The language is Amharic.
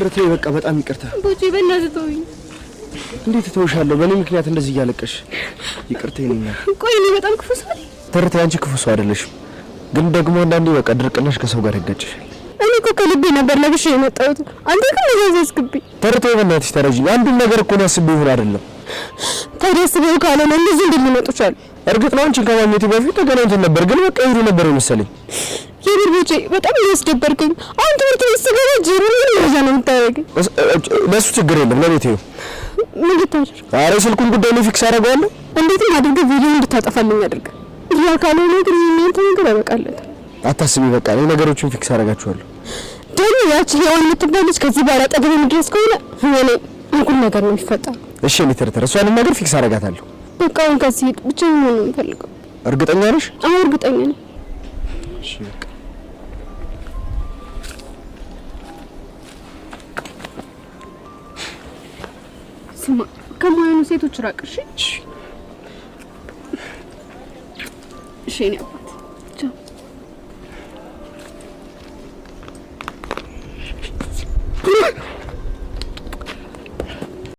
ትርትሬ በቃ በጣም ይቅርታ። ቦቼ በእናትህ ተውኝ። እንዴት እተውሻለሁ? በእኔ ምክንያት እንደዚህ እያለቀሽ ይቅርታ። ይነኛ ቆይ እኔ በጣም ክፉ ሰው ነኝ። ትርቴ፣ አንቺ ክፉ ሰው አይደለሽም፣ ግን ደግሞ አንዳንዴ በቃ ድርቅናሽ ከሰው ጋር ያጋጭሻል። እኔ እኮ ከልቤ ነበር ለብሼ የመጣሁት አንተ ግን አዛዘዝክብኝ። ትርቴ፣ በእናትሽ ተረጂ። አንዱን ነገር እኮ ነው አስቤው ይሁን አይደለም ተደስበው ካልሆነ እንደዚህ እንደሚመጡ ቻሉ። እርግጥ ነው አንቺን ከማግኘቴ በፊት ተገናኝተን ነበር፣ ግን በቃ ይሄዱ ነበር መሰለኝ። የምር ቦቼ በጣም እያስደበርከኝ። አሁን ትምህርት ቤት ስገባ ጀሮ አደረገኝ። ለእሱ ችግር የለም ለቤት ይኸው ምን ልታደርግ? ኧረ ስልኩን ጉዳይ ነው ፊክስ አደርገዋለሁ። እንዴትም አድርገህ ቪዲዮ እንድታጠፋልኝ አድርገህ። ያ ካልሆነ ግን እናንተ ነገር ያበቃለታል። አታስቢ፣ በቃ እኔ ነገሮችን ፊክስ አደርጋችኋለሁ። ደግሞ ያቺ ሄዋን የምትባለች ከዚህ በኋላ ጠገብ የምድረስ ከሆነ እኔ እንኩል ነገር ነው የሚፈጠረው። እሺ፣ እኔ ተረተረ እሷንም ነገር ፊክስ አደርጋታለሁ። በቃ አሁን ከዚህ ብቻ ነው የምፈልገው። እርግጠኛ ነሽ? አዎ፣ እርግጠኛ ነኝ። እሺ በቃ ስማ ከማኑ ሴቶች ራቅሽ። እሺ እኔ አባት ቻው